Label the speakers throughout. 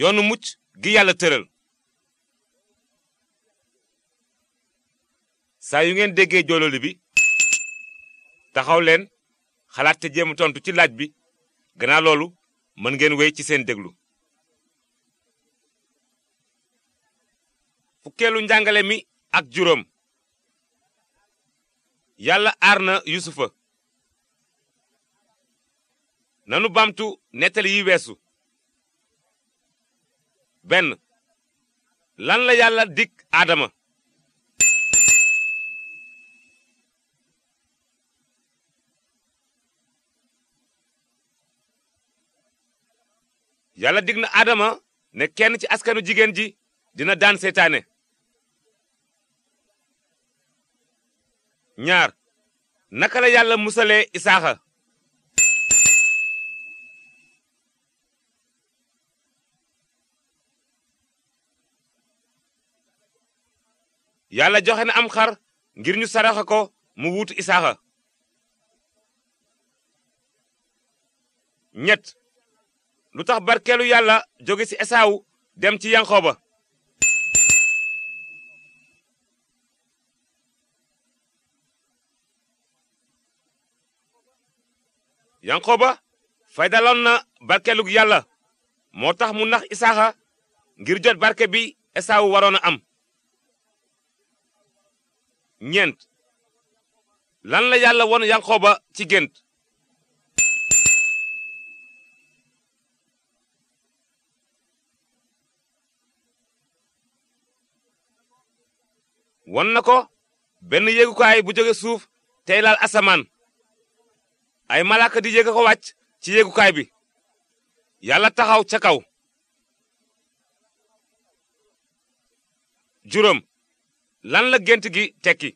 Speaker 1: yoonu mucc gi yàlla tëral saa yu ngeen déggee joololi bi taxaw leen xalaat te jéem tontu ci laaj bi gannaaw loolu mën ngeen wéy ci seen déglu fukkeelu njàngale mi ak juróom yàlla aar na yusufa nanu bamtu nettali yi weesu benn lan la yàlla dig adama yàlla dig na aadama ne kenn ci askanu jigéen ji dina daan seytaane ñaar naka la yàlla musalee isaaxa yàlla joxe na am xar ngir ñu saraxa ko mu wuutu isaaxa ñett lu tax barkeelu yàlla jóge ci esaawu dem ci yanqooba yanqooba faydaloon na barkeelug yàlla moo tax mu nax isaaxa ngir jot barke bi esaawu waroon a am ñeent lan la yàlla won yanqooba ci gént won na ko benn yéegukaay bu jóge suuf tey laal asamaan ay malaaka di yéega ko wàcc ci yéegukaay bi yàlla taxaw ca kaw juróom lan la gént gi tekki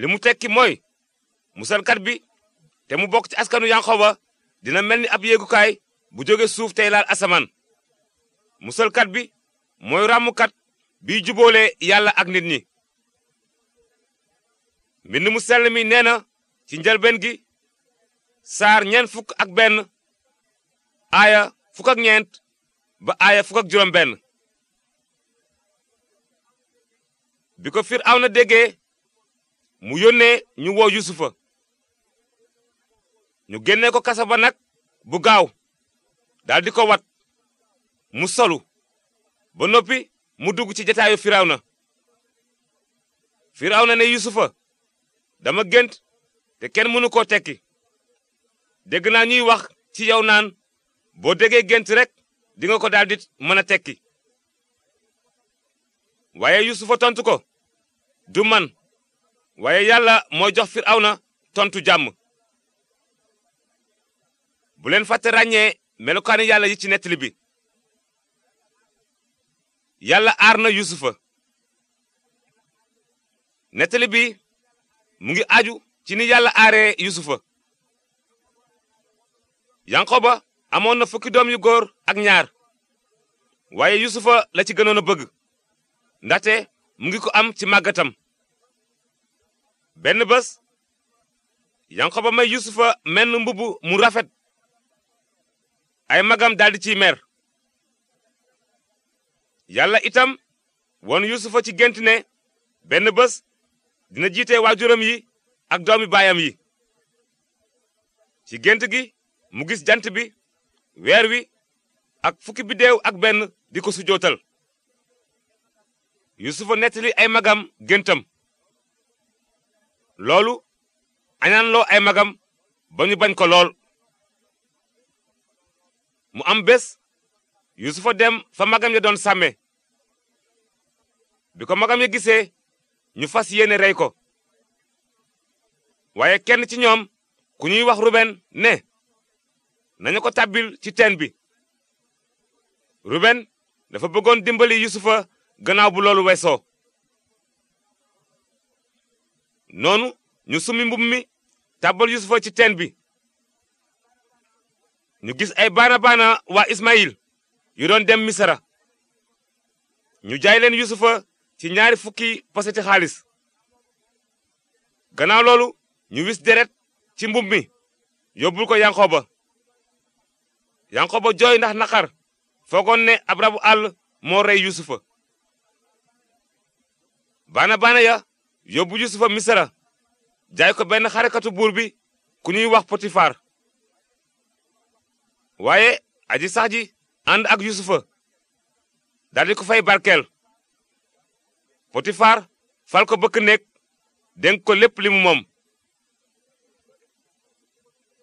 Speaker 1: li mu tekki mooy musalkat bi te mu bokk ci askanu yanqoba dina mel ni ab yéegukaay bu jóge suuf tey laal asamaan musalkat bi mooy ràmmkat bi juboolee yàlla ak nit ñi mbind mu sell mi ci njëlbeen gi saar ñeent fukk ak benn aaya fukk ak ñeent ba aaya fukk ak juróom benn bi ko Firawna déggee mu yónnee ñu woo Yusufa ñu génnee ko kasa ba nag bu gaaw daldi ko wat mu solu ba noppi mu dugg ci jataayu Firawna Firawna ne Yusufa dama gént te kenn mënu koo tekki dégg naa ñuy wax ci yow naan boo déggee gént rek di nga ko daldi mën a tekki waaye yusufa tontu ko du man waaye yàlla moo jox firawna tontu jàmm bu leen fàtte ràññee melokaani yàlla yi ci nettali bi yàlla aar na yusufa nettali bi mu ngi aju ci ni yàlla aaree yusufa yanqoba amoon na fukki doom yu góor ak ñaar waaye yusufa la ci gënoon a bëgg ndaxte mu ngi ko am ci màggatam benn bés yanqoba may yusufa menn mbubb mu rafet ay magam daldi ci mer yàlla itam won yusufa ci gént ne benn bés dina jiite waajuram yi ak doomi baayam yi ci gént gi mu gis jant bi weer wi ak fukki biddeew ak benn di ko sujootal yusufa nettali ay magam géntam loolu añaanloo ay magam ba ñu bañ ko lool mu am bés yusufa dem fa magam ya doon sàmme bi ko magam ya gisee ñu fas yéene rey ko waaye kenn ci ñoom ku ñuy wax ruben ne nañu ko tàbbil ci teen bi ruben dafa bëggoon dimbali yusufa gannaaw bu loolu weesoo noonu ñu summi mbubb mi tàbbal yusufa ci teen bi ñu gis ay baana baana waa ismayil yu doon dem misara ñu jaay leen yusufa ci ñaari fukki ci xaalis ganaaw loolu ñu wis deret ci mbubb mi yóbbul ko yanqooba yanqoba jooy ndax naqar foogoon ne ab àll moo rey yusufa baana baana ya yóbbu yusufa misara jaay ko benn xarekatu buur bi ku ñuy wax potifar waaye aji sax ji ànd ak yusufa daldi ko fay barkeel potifar fal ko bëkk néeg dénk ko lépp li mu moom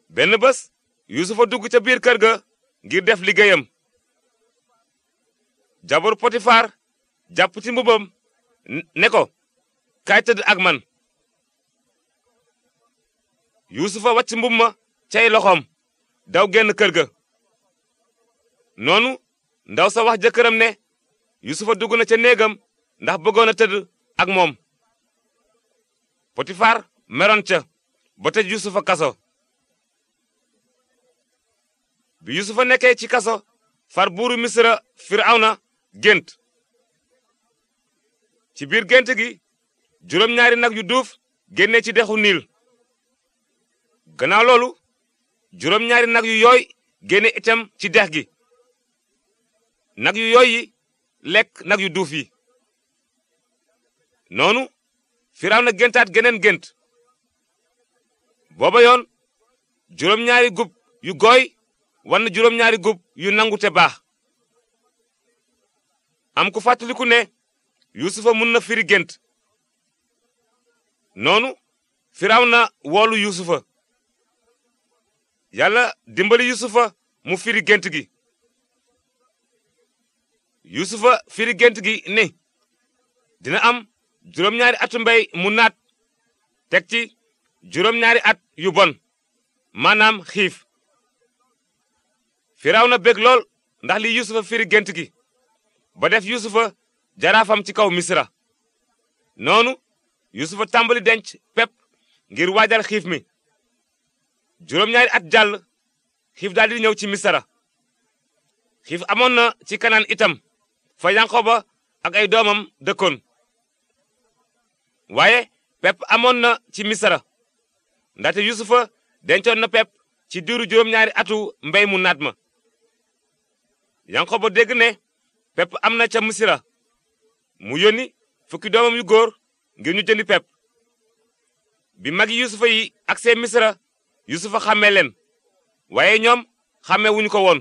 Speaker 1: benn bës yusufa dugg ca biir kër ga ngir def liggéeyam jabaru potifaar jàpp ci mbubam ne ko kaay tëdd ak man yuusufa wàcc mbub ma cay loxoom daw genn kër ga noonu ndaw sa wax jëkkëram ne yuusufa dugg na ca néegam ndax bëggoon a tëdd ak moom potifaar meroon ca ba tëj yuusufa kaso bi yusufa nekkee ci kaso far buuru misra firawna gént ci biir gént gi juróom-ñaari nag yu duuf génne ci dexu niil gannaaw loolu juróom-ñaari nag yu yooy génne itam ci dex gi nag yu yooy yi lekk nag yu duuf yi noonu firawna géntaat geneen gént booba yoon juróom-ñaari gub yu gooy wan na juróom-ñaari góob yu nangu te baax am ku fàttaliku ne yuusufa mun na firi gént noonu firaw na woolu yuusufa yàlla dimbali yuusufa mu firi gént gi yuusufa firi gént gi ne dina am juróom-ñaari atu mu naat teg ci juróom-ñaari at yu bon maanaam xiif firaaw na bég lool ndax li yusufa firi gent gi ba def yusufa jaraafam ci kaw misra noonu yusufa tàmbali denc pepp ngir waajal xiif mi juróom-ñaari at jàll xiif daal di ñëw ci misra xiif amoon na ci kanaan itam fa yanqoba ak ay doomam dëkkoon waaye pepp amoon na ci misra ndaxte yusufa dencoon na pepp ci diiru juróom-ñaari atu mbéy mu naat ma yankoba dégg ne pepp am na ca misira mu yónni fukki doomam yu góor ngir ñu jëndi pepp bi magi yusufa yi ak seen misira yusufa xàmmee leen waaye ñoom xàmmee wuñu ko woon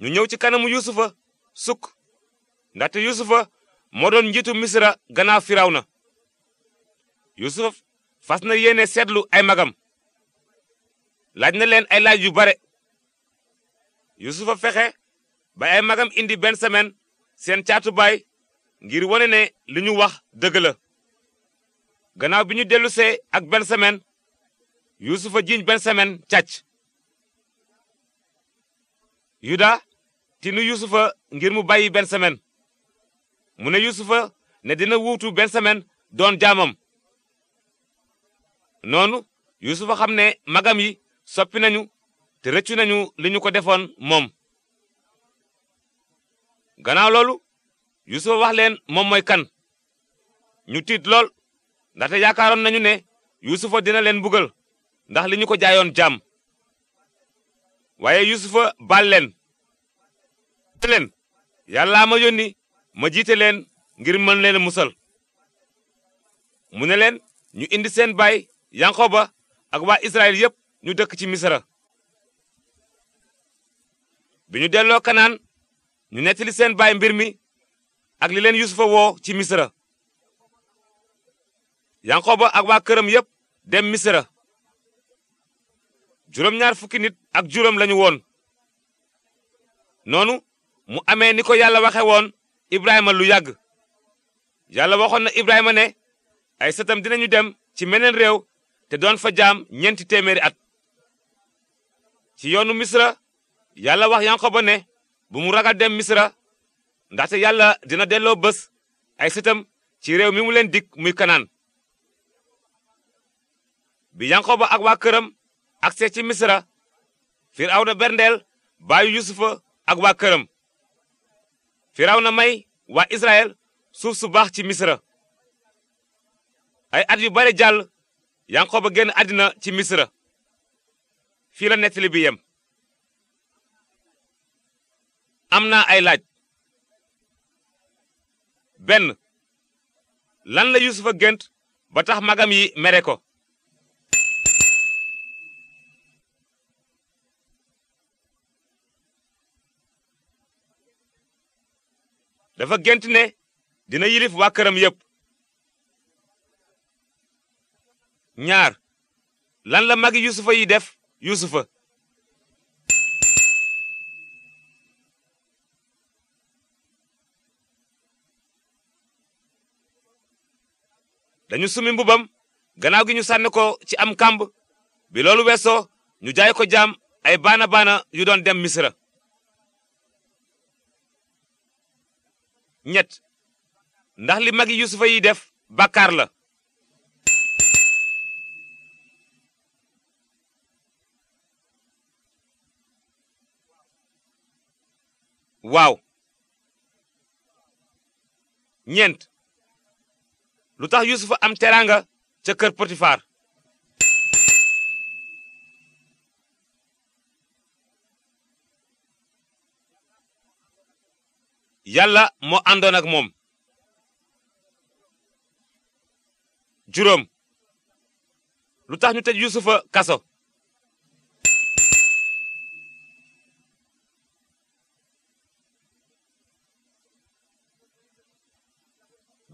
Speaker 1: ñu ñëw ci kanamu yusufa sukk ndaxte yusufa moo doon njiitu misira gannaaw firawna yusufa fas na yéene seetlu ay magam laaj na leen ay laaj yu bare yusufa fexe ba ay magam indi benn semaine seen caatu baay ngir wane ne li ñu wax dëgg la gannaaw bi ñu dellusee ak benn semaine yusufa jiiñ benn semaine càcc yuda tinu yusufa ngir mu bàyyi benn semaine mu ne yusufa ne dina wuutu benn semaine doon jaamam noonu yusufa xam ne magam yi soppi nañu te rëccu nañu li ñu ko defoon moom ganaaw loolu yusufa wax leen moom mooy kan ñu tiit lool ndaxte yaakaaroon nañu ne yusufa dina leen bugal ndax li ñu ko jaayoon jaam waaye yusufa baal leen leen yàllaa ma yónni ma jiite leen ngir mën leen musal mu ne leen ñu indi seen baay yanqoba ak waa israel yépp ñu dëkk ci misra bi ñu delloo kanaan ñu nettali seen baay mbir mi ak li leen yusufa woo ci misra yanqooba ak waa këram yépp dem misra juróom-ñaar fukki ak juróom lañu woon noonu mu amee ni ko yàlla waxe woon ibrahima lu yàgg yàlla waxoon na ibrahima ne ay sëtam dinañu dem ci meneen réew te doon fa jaam ñeenti téeméeri at ci yoonu misra yàlla wax yankoba ne bu mu ragal dem misra ndaxte yàlla dina delloo bës ay sëtam ci réew mi mu leen dig muy kanaan bi yankoba ak waa këram agsee ci misra firawna berndeel baayu yusufa ak waa këram firawna may waa israel suuf su baax ci misra ay at yu bare jàll yankoba génn àddina ci misra fii la nettali bi yem am naa ay laaj benn lan la yusufa gént ba tax magam yi mere ko dafa gént ne dina yilif waa këram yépp ñaar lan la magi yusufa yi def yuusufa dañu sumi mbubam gannaaw gi ñu sànni ci am kàmb bi loolu ñu jaay ko jaam ay baana baana yu doon dem misra ñett ndax li magi yusufa yi def bàkkaar la waaw ñeent lu tax yusufa am teraanga ca potifaar yàlla moo àndoon ak moom juróom lu tax ñu tëj yusufa kaso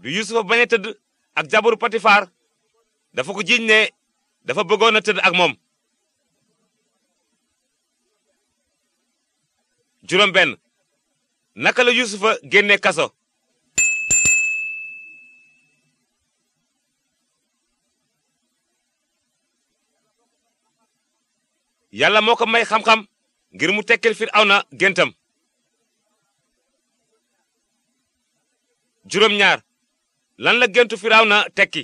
Speaker 1: bi yusufa bañ tëdd ak jabaru Potifar dafa ko jiiñ ne dafa bëggoon a tëdd ak moom. juróom benn naka la Yusufa génne kaso. yàlla moo ko may xam-xam ngir mu tekkil Firawna géntam. juróom ñaar lan la géntu Firawna tekki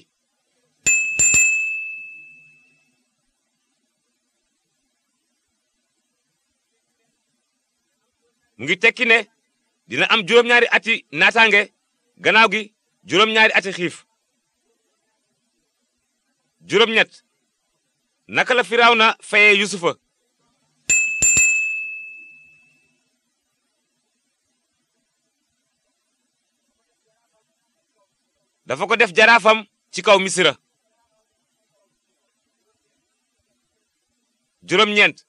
Speaker 1: mu ngi tekki ne dina am juróom-ñaari ati naataange gannaaw gi juróom-ñaari ati xiif juróom-ñett naka la Firawna fayee Yusufa dafa ko def jaraafam ci kaw misira juróom-ñeent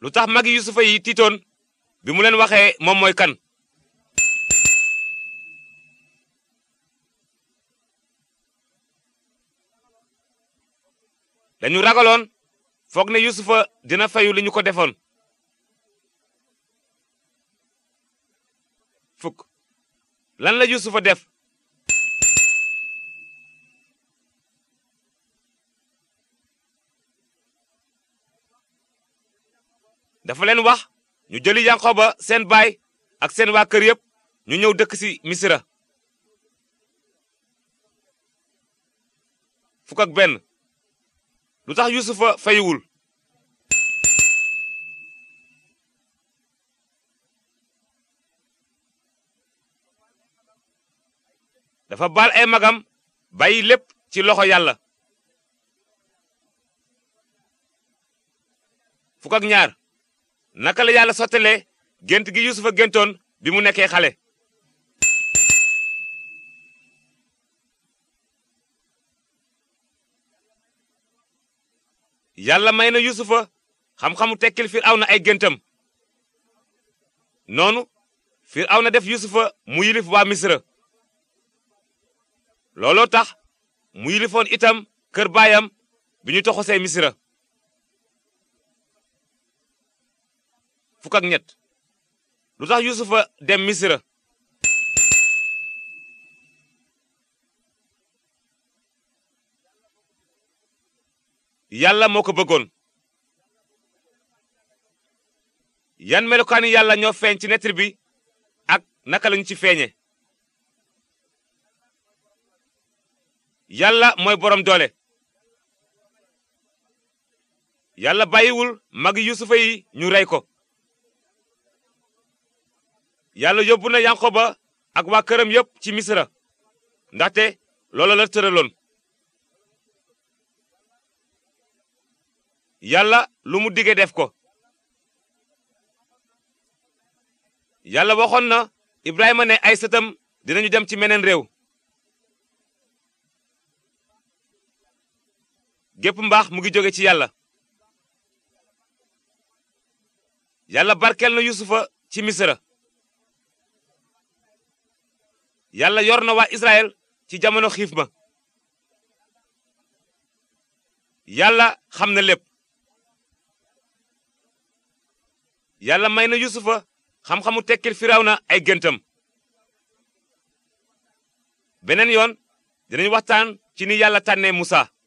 Speaker 1: lu tax magi yusufa yi tiitoon bi mu leen waxee moom mooy kan dañu ragaloon foog ne yusufa dina fayu li ñu ko defoon fukk lan la yusufa def dafa leen wax ñu jëli yanqooba seen baay ak seen waa kër yépp ñu ñëw dëkk ci misira fukk ak benn lu tax yusufa fayiwul dafa baal ay magam bàyyi lépp ci loxo yàlla fukk ak ñaar naka la yàlla sottalee gént gi yusufa géntoon bi mu nekkee xale yàlla may na yusufa xam-xamu tekkil firawna ay géntam noonu firawna def yusufa mu yilif waa misra looloo tax mu yilifoon itam kër baayam bi ñu toxosee misra fukk ak ñett lu tax yusufa dem misra yàlla moo ko bëggoon yan melokaani yàlla ñoo feeñ ci nettali bi ak naka lañu ci feeñe yàlla mooy boroom doole yàlla bayiwul magi yusufa ñu rey ko yàlla yóbbu na yankoba ak waa këram yépp ci misra ndaxte loola la yàlla lu mu dige def ko yàlla waxoon na ibrahima ne ay sëtam dinañu dem ci meneen réew gépp mbaax mu ngi jóge ci yàlla yàlla barkeel na yusufa ci misra yàlla yor na waa Israël ci jamono xiif ba yàlla xam na lépp yàlla may na yusufa xam-xamu tekkil firaw na ay gëntam beneen yoon dinañ waxtaan ci ni yàlla tànnee Musa